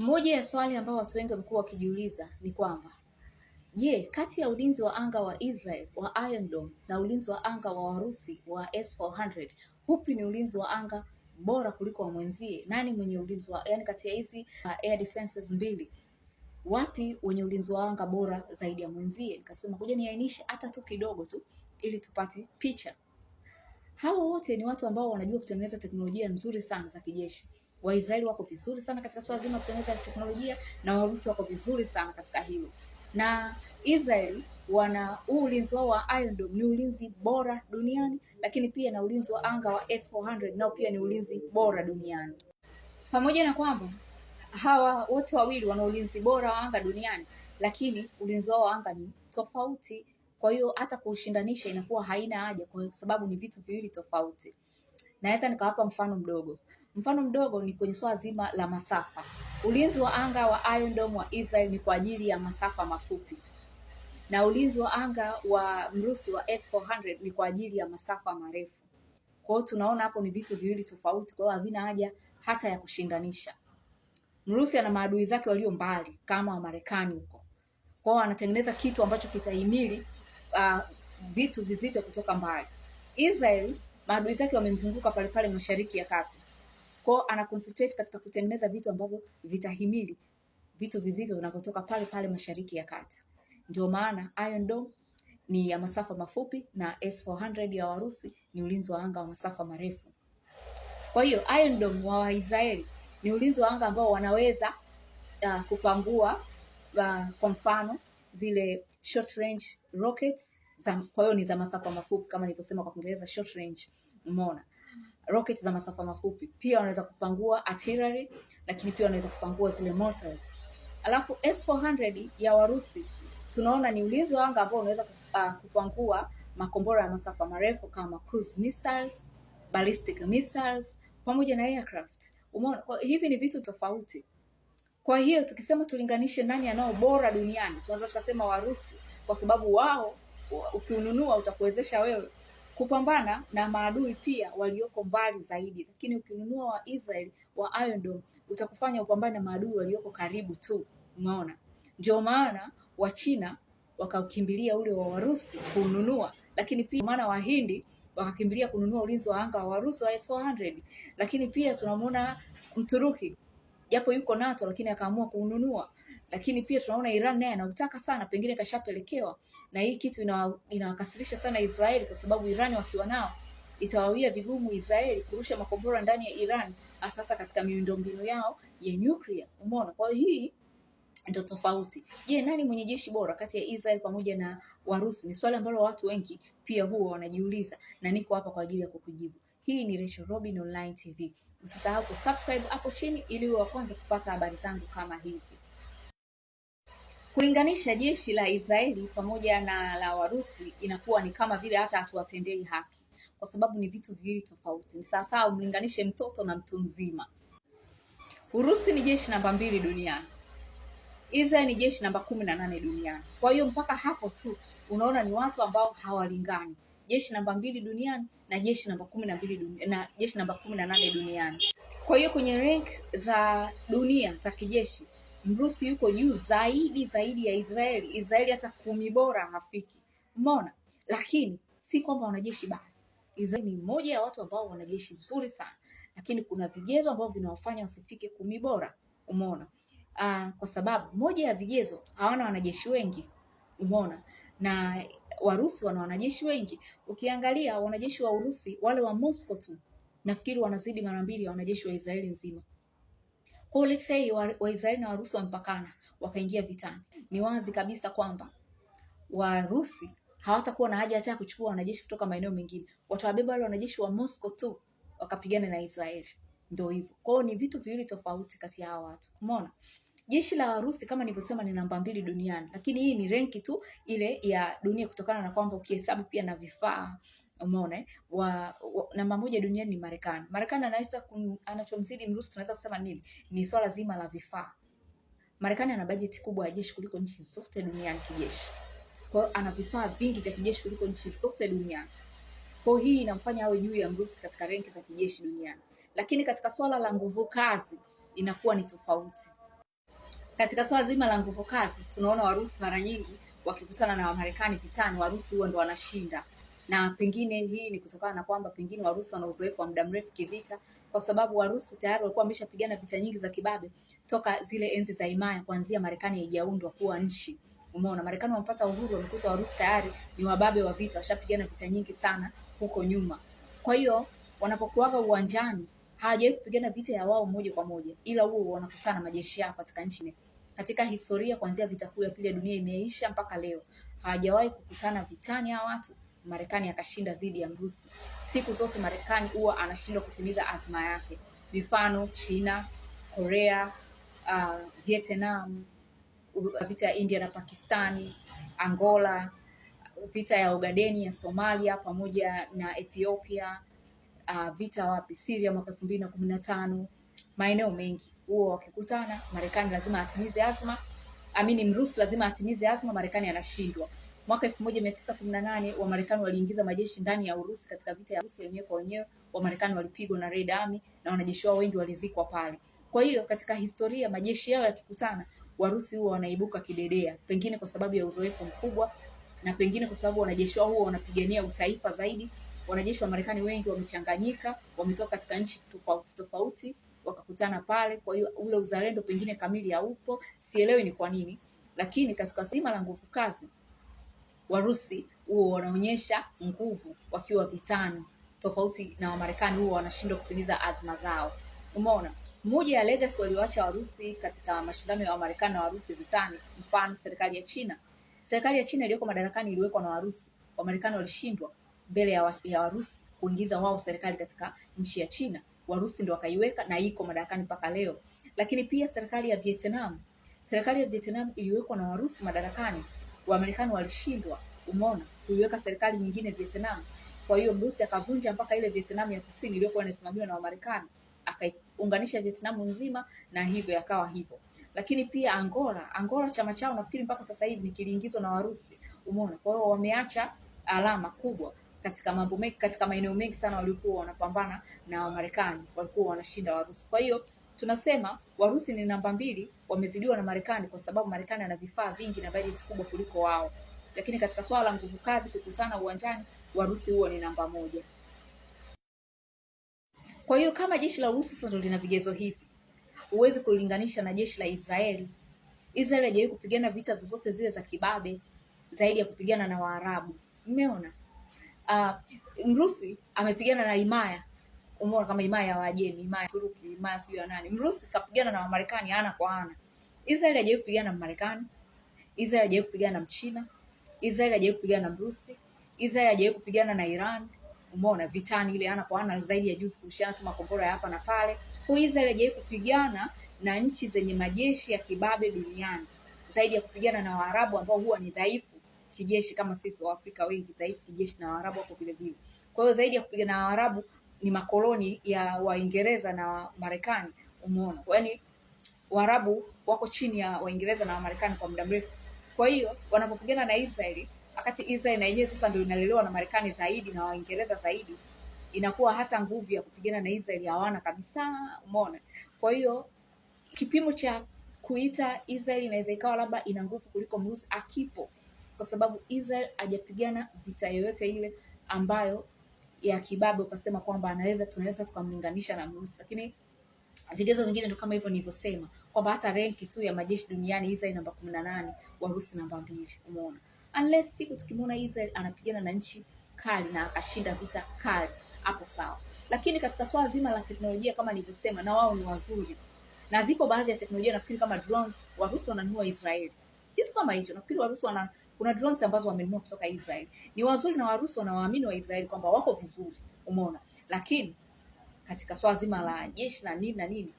Moja ya swali ambao watu wengi wamekuwa wakijiuliza ni kwamba je, kati ya ulinzi wa anga wa Israel wa Iron Dome na ulinzi wa anga wa Warusi wa S400 hupi ni ulinzi wa anga bora kuliko wa mwenzie? Nani mwenye ulinzi wa yani, kati ya hizi uh, air defenses mbili wapi wenye ulinzi wa anga bora zaidi ya mwenzie? Nikasema kuja niainishe hata tu kidogo tu ili tupate picha. Hawa wote ni watu ambao wanajua kutengeneza teknolojia nzuri sana za kijeshi. Waisraeli wako vizuri sana katika swala zima kutengeneza teknolojia na Warusi wako vizuri sana katika hilo, na Israeli wana huu ulinzi wao wa Iron Dome ni ulinzi bora duniani, lakini pia na ulinzi wa anga wa S400 nao pia ni ulinzi bora duniani, pamoja na kwamba hawa wote wawili wana ulinzi bora wa anga duniani, lakini ulinzi wao wa anga ni tofauti. Kwa hiyo hata kuushindanisha inakuwa haina haja, kwa sababu ni vitu viwili tofauti. Naweza nikawapa mfano mdogo. Mfano mdogo ni kwenye swala zima la masafa. Ulinzi wa anga wa Iron Dome wa Israel ni kwa ajili ya masafa mafupi na ulinzi wa anga wa mrusi wa S400 ni kwa ajili ya masafa marefu. Kwa hiyo tunaona hapo ni vitu viwili tofauti, kwa hiyo havina haja hata ya kushindanisha. Mrusi ana maadui zake walio mbali kama Wamarekani huko, kwa hiyo anatengeneza kitu ambacho kitahimili uh, ah, vitu vizito kutoka mbali. Israel maadui zake wamemzunguka pale pale mashariki ya kati kwao ana concentrate katika kutengeneza vitu ambavyo vitahimili vitu vizito vinavyotoka pale pale Mashariki ya Kati. Ndio maana Iron Dome ni ya masafa mafupi na S400 ya Warusi ni ulinzi wa anga wa masafa marefu. Kwa hiyo Iron Dome wa Waisraeli ni ulinzi wa anga ambao wanaweza uh, kupangua uh, kwa mfano zile short range rockets za, kwa hiyo ni za masafa mafupi kama nilivyosema kwa Kiingereza short range, umeona rocket za masafa mafupi, pia wanaweza kupangua artillery, lakini pia wanaweza kupangua zile mortars. Alafu S400 ya Warusi tunaona ni ulinzi wa anga ambao unaweza ah, kupangua makombora ya masafa marefu kama cruise missiles, ballistic missiles pamoja na aircraft. Umeona, hivi ni vitu tofauti. Kwa hiyo tukisema tulinganishe nani anao bora duniani, tunaweza tukasema Warusi kwa sababu wao ukiununua utakuwezesha wewe kupambana na maadui pia walioko mbali zaidi. Lakini ukinunua wa Israel wa Iron Dome utakufanya upambane na maadui walioko karibu tu. Umeona, ndio maana wa china wakakimbilia ule wa Warusi kununua, lakini pia maana hindi wakakimbilia kununua ulinzi wa anga wa Warusi wa S400. Lakini pia tunamuona Mturuki japo yuko NATO lakini akaamua kununua lakini pia tunaona Iran naye anautaka sana, pengine kashapelekewa, na hii kitu inawakasirisha sana Israeli, kwa sababu Iran wakiwa nao itawawia vigumu Israeli kurusha makombora ndani ya Iran, asasa katika miundombinu yao ya nuclear. Umeona, kwa hiyo hii ndio tofauti. Je, nani mwenye jeshi bora kati ya Israel pamoja na Warusi? Ni swali ambalo watu wengi pia huwa wanajiuliza, na niko hapa kwa ajili ya kukujibu. Hii ni Rachel Robin Online TV. Usisahau kusubscribe hapo chini ili uwe wa kwanza kupata habari zangu kama hizi. Kulinganisha jeshi la Israeli pamoja na la Warusi inakuwa ni kama vile hata hatuwatendei haki, kwa sababu ni vitu viwili tofauti. Ni sawasawa umlinganishe mtoto na mtu mzima. Urusi ni jeshi namba mbili duniani, Israeli ni jeshi namba kumi na nane duniani. Kwa hiyo mpaka hapo tu unaona ni watu ambao hawalingani, jeshi namba mbili duniani na jeshi namba kumi na mbili duniani, na jeshi namba kumi na nane duniani. Kwa hiyo kwenye rank za dunia za kijeshi Mrusi yuko juu zaidi zaidi ya Israeli. Israeli hata kumi bora hafiki, umeona. Lakini si kwamba wanajeshi baya, Israeli ni mmoja ya watu ambao wanajeshi nzuri sana, lakini kuna vigezo ambavyo vinawafanya wasifike kumi bora, umeona. Uh, kwa sababu moja ya vigezo hawana wanajeshi wengi, umeona, na Warusi wana wanajeshi wengi. Ukiangalia wanajeshi wa Urusi wale wa Moscow tu nafikiri wanazidi mara mbili ya wanajeshi wa Israeli nzima. Kwa let's say Waisraeli na Warusi wamepakana wakaingia vitani, ni wazi kabisa kwamba Warusi hawatakuwa na haja hata ya kuchukua wanajeshi kutoka maeneo mengine, watawabeba wale wanajeshi wa Moscow tu wakapigana na Israeli. Ndio hivyo. Kwa ni vitu viwili tofauti kati ya hawa watu. Umeona? Jeshi la Warusi kama nilivyosema ni namba mbili duniani, lakini hii ni renki tu ile ya dunia kutokana na kwamba ukihesabu pia na vifaa umeona eh? wa, wa, namba moja duniani ni Marekani. Marekani anaweza anachomzidi mrusi tunaweza kusema nini? Ni swala zima la vifaa. Marekani ana bajeti kubwa ya jeshi kuliko nchi zote duniani kijeshi. Kwa hiyo ana vifaa vingi vya kijeshi kuliko nchi zote duniani. Kwa hiyo hii inamfanya awe juu ya mrusi katika renki za kijeshi duniani, lakini katika swala la nguvu kazi inakuwa ni tofauti. Katika swala zima la nguvu kazi, tunaona Warusi mara nyingi wakikutana na Wamarekani vitani, Warusi huwa ndo wanashinda na pengine hii ni kutokana na kwamba pengine Warusi wana uzoefu wa muda mrefu kivita, kwa sababu Warusi tayari walikuwa wameshapigana vita nyingi za kibabe toka zile enzi za himaya, kuanzia Marekani haijaundwa kuwa nchi. Umeona, Marekani wamepata uhuru, wamekuta Warusi tayari ni wababe wa vita, washapigana vita nyingi sana huko nyuma. Kwa hiyo wanapokuwaga uwanjani hawajawahi kupigana vita ya wao moja kwa moja, ila huo wanakutana majeshi yao katika nchi. ne. Katika historia kuanzia vita kuu ya pili ya dunia imeisha mpaka leo hawajawahi kukutana vitani hawa watu, Marekani akashinda dhidi ya mrusi Siku zote Marekani huwa anashindwa kutimiza azma yake, mifano China, Korea, uh, Vietnam, vita ya India na Pakistani, Angola, vita ya Ogadeni ya Somalia pamoja na Ethiopia, uh, vita wapi Syria mwaka elfu mbili na kumi na tano maeneo mengi huo wakikutana, Marekani lazima atimize azma, amini Mrusi lazima atimize azma, Marekani anashindwa. Mwaka 1918 Wamarekani waliingiza majeshi ndani ya Urusi katika vita ya Urusi wenyewe kwa wenyewe. Wamarekani walipigwa na Red Army na wanajeshi wao wengi walizikwa pale. Kwa hiyo katika historia majeshi yao yakikutana, Warusi huwa wanaibuka kidedea, pengine kwa sababu ya uzoefu mkubwa na pengine kwa sababu wanajeshi wao huwa wanapigania utaifa zaidi. Wanajeshi wa Marekani wengi wamechanganyika, wametoka katika nchi tofauti tofauti, wakakutana pale. Kwa hiyo ule uzalendo pengine kamili haupo, sielewi ni kwa nini, lakini katika swala la nguvu kazi Warusi huo wanaonyesha nguvu wakiwa vitani, tofauti na Wamarekani huo wanashindwa kutimiza azma zao. Umeona, moja ya legacy walioacha Warusi katika mashindano ya Wamarekani na Warusi vitani, mfano serikali ya China. Serikali ya China iliyoko madarakani iliwekwa na Warusi. Wamarekani walishindwa mbele ya, wa, ya Warusi kuingiza wao serikali katika nchi ya China. Warusi ndio wakaiweka na iko madarakani mpaka leo. Lakini pia serikali ya Vietnam, serikali ya Vietnam iliwekwa na Warusi madarakani Wamarekani walishindwa, umeona, kuiweka serikali nyingine Vietnam. Kwa hiyo Mrusi akavunja mpaka ile Vietnam ya kusini iliyokuwa inasimamiwa na Wamarekani, akaiunganisha Vietnam nzima, na hivyo yakawa hivyo. Lakini pia Angola, Angola chama chao nafikiri mpaka sasa hivi nikiliingizwa na Warusi, umeona. Kwa hiyo wameacha alama kubwa katika mambo mengi, katika maeneo mengi sana waliokuwa wanapambana na Wamarekani, walikuwa wanashinda Warusi. Kwa hiyo tunasema Warusi ni namba mbili, wamezidiwa na Marekani kwa sababu Marekani ana vifaa vingi na bajeti kubwa kuliko wao, lakini katika swala la nguvu kazi, kukutana uwanjani, Warusi huo ni namba moja. Kwa hiyo kama jeshi la Urusi sasa ndio lina vigezo hivi, huwezi kulinganisha na jeshi la Israeli. Israeli haijawahi kupigana vita zozote zile za kibabe zaidi ya kupigana na Waarabu. Mmeona? Uh, Mrusi amepigana na himaya umeona kama himaya ya Wajemi, himaya ya Uturuki, himaya sijui ya nani. Mrusi kapigana na Wamarekani ana kwa ana. Israeli hajawahi kupigana na Marekani, Israeli hajawahi kupigana na Mchina, Israeli hajawahi kupigana na Mrusi, Israeli hajawahi kupigana na Iran. Umeona vitani ile ana kwa ana zaidi ya juzi kushana tu makombora ya hapa na pale. Kwa hiyo Israeli hajawahi kupigana na nchi zenye majeshi ya kibabe duniani zaidi ya kupigana na Waarabu ambao huwa ni dhaifu kijeshi kama sisi Waafrika wengi dhaifu kijeshi, na Waarabu wako vile vile. Kwa hiyo zaidi ya kupigana na Waarabu ni makoloni ya Waingereza na Marekani. Umeona, yaani Waarabu wako chini ya Waingereza na Wamarekani kwa muda mrefu. Kwa hiyo wanapopigana na Israeli, wakati Israeli na yenyewe sasa ndio inalelewa na Marekani zaidi na Waingereza zaidi, inakuwa hata nguvu ya kupigana na Israeli hawana kabisa. Umeona, kwa hiyo kipimo cha kuita Israel inaweza ikawa labda ina nguvu kuliko Urusi akipo, kwa sababu Israel hajapigana vita yoyote ile ambayo ya kibabe ukasema kwamba anaweza tunaweza tukamlinganisha na Mrusi, lakini vigezo vingine ndio kama hivyo nilivyosema kwamba hata renki tu ya majeshi duniani Israel namba kumi na nane Warusi namba mbili. Umeona, unless siku tukimwona Israel anapigana na nchi kali na akashinda vita kali, hapo sawa. Lakini katika swala zima la teknolojia kama nilivyosema, na wao ni wazuri, na zipo baadhi ya teknolojia nafikiri kama drones Warusi wananua Israeli, kitu kama hicho. Nafikiri Warusi wana kuna drones ambazo wamenunua kutoka Israel. Ni wazuri na Warusi wanawaamini wa Israel kwamba wako vizuri, umeona, lakini katika swala zima la jeshi na nini na nini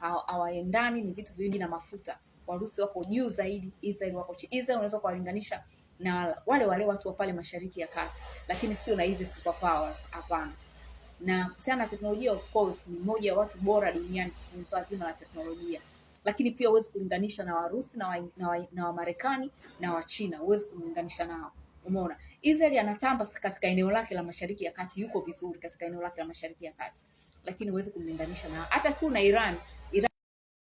hawaendani, ni vitu vingi na mafuta. Warusi wako juu zaidi, Israel wako chini. Israel unaweza kuwalinganisha na wale wale watu wa pale mashariki ya kati, lakini sio na hizi superpowers, hapana. Na kuhusiana na teknolojia, of course ni moja ya watu bora duniani kwenye swala zima la teknolojia lakini pia huwezi kulinganisha na Warusi na Wamarekani na Wachina wa huwezi kumlinganisha nao. Umeona, Israel anatamba katika eneo lake la Mashariki ya Kati, yuko vizuri katika eneo lake la Mashariki ya Kati, lakini huwezi kumlinganisha na hata tu na Iran